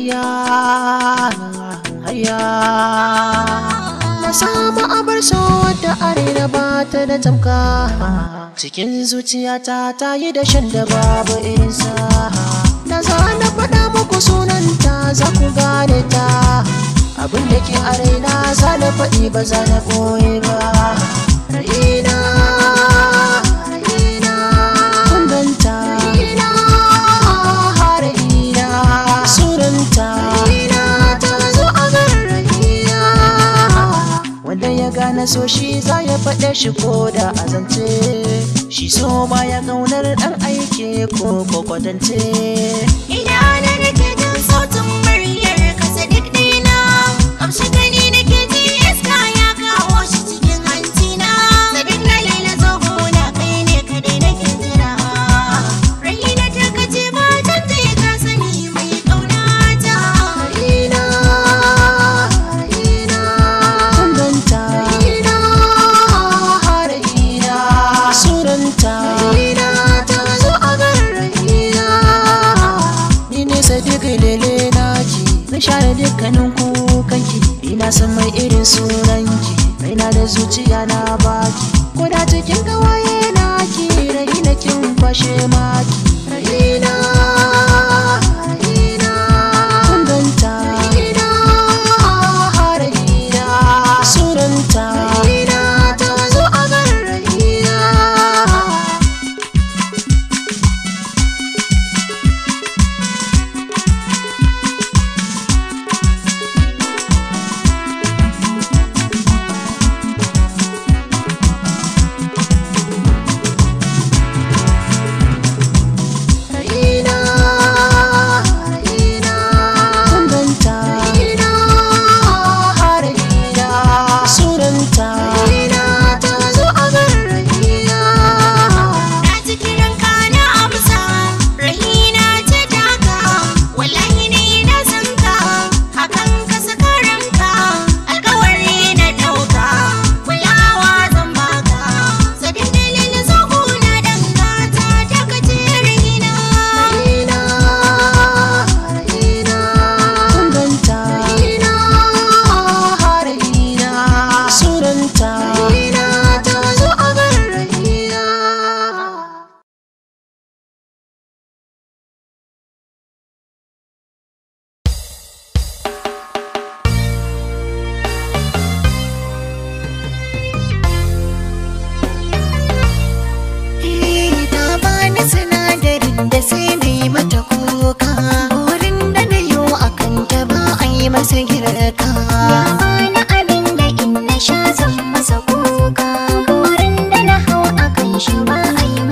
haya haya na samu abar da arena ba ta da tamka cikin zuciyata ta yi da shan da babu isa da za na faɗa muku sunanta za ku gane ta abin da ke arena za na faɗi ba za na ɓoye ba gane so shi za ya faɗe shi ko da azance shi so ya kaunar ɗan aiki ko kwakwatance. Ina na nake ji sunanki na da zuciya na baki ko da cikin gawaye na ki rai na kin fashe maki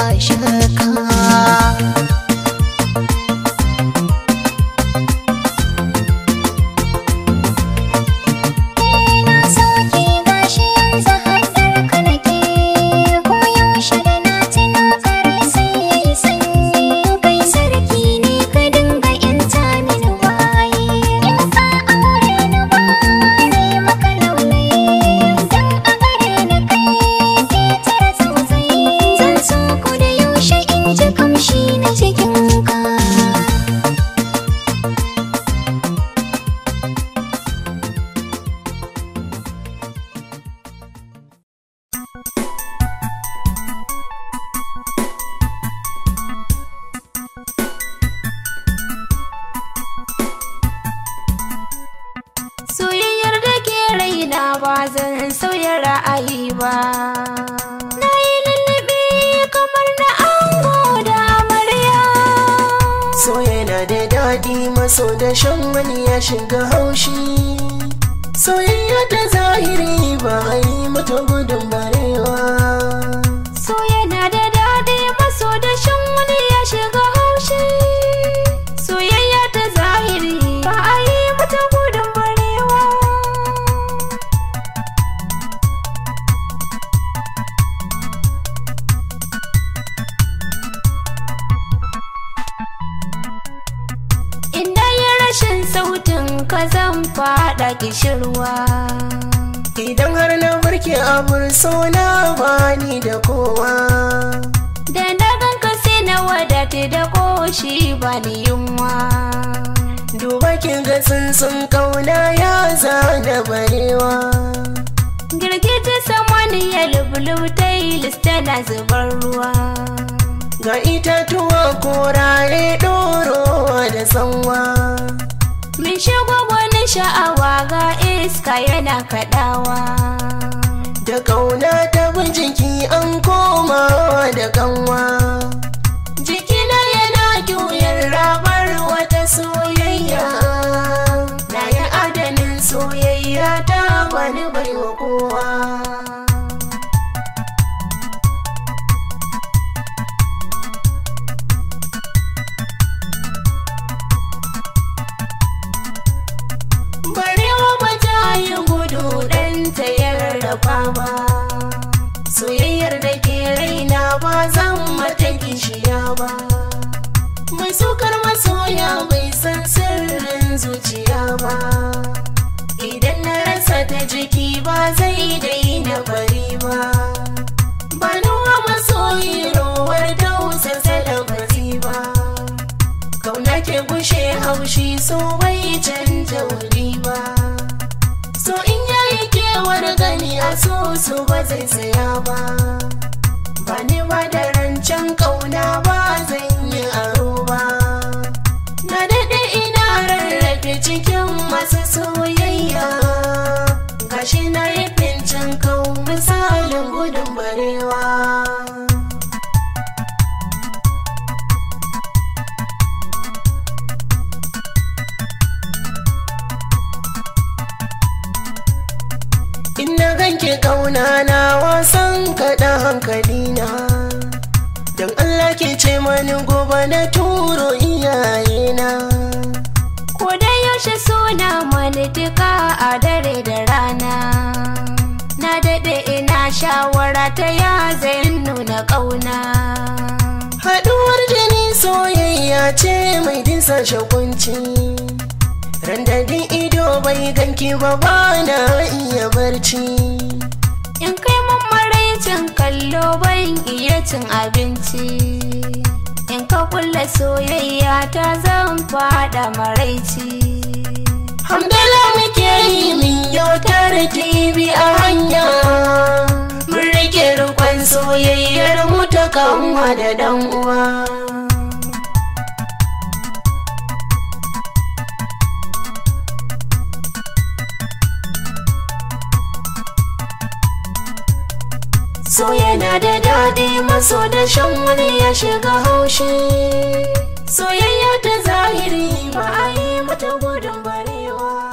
爱神。zaki maso da shan wani ya shiga haushi soyayya ta zahiri ba a yi mata gudun barewa kishirwa idan har na barke a na bani da kowa da na ganka sai na wadata da koshi bani yunwa duba kin ga sun kauna ya zana barewa ta samani ya lubulu tailis tana zubar ruwa ga itatuwa korare ɗorowa da sanwa sha'awa ga iska yana kaɗawa da ƙauna ta jiki an koma da kanwa na yana juyar rabar wata soyayya na yi adanin soyayya ta wani baiwa kowa ba mai sukar masoya bai san sirrin zuciya ba idan na rasa ta jiki ba zai daina bari ba ba nawa masoyi rowar dausa da bazi ba kauna ke gushe haushi so bai canja wuri ba so in yayi kewar gani a so so ba zai tsaya ba Wani ba da rancen ƙauna ba zan yi aro ba na daɗe ina rarrafe cikin masu in ganke kauna na wasan kaɗan hankali na don Allah ke ce mani gobe na turo iyaye na ko yaushe suna mani duka a dare da rana na daɗe ina shawara ta ya zai nuna ƙauna haɗuwar jini soyayya ce mai dinsa shakunci kan daɗin ido bai ganki ba ba na iya barci in kai mun maraicin kallo bayan iya cin abinci in ka kulla soyayya ta zan fada maraici hamdala muke yi min yau tare tibi a hanya mun rike rikon soyayyar mu ta kanwa da dan uwa so yana da daɗi maso da shan wani ya shiga haushi soyayya ta zahiri ba yi mata gudun barewa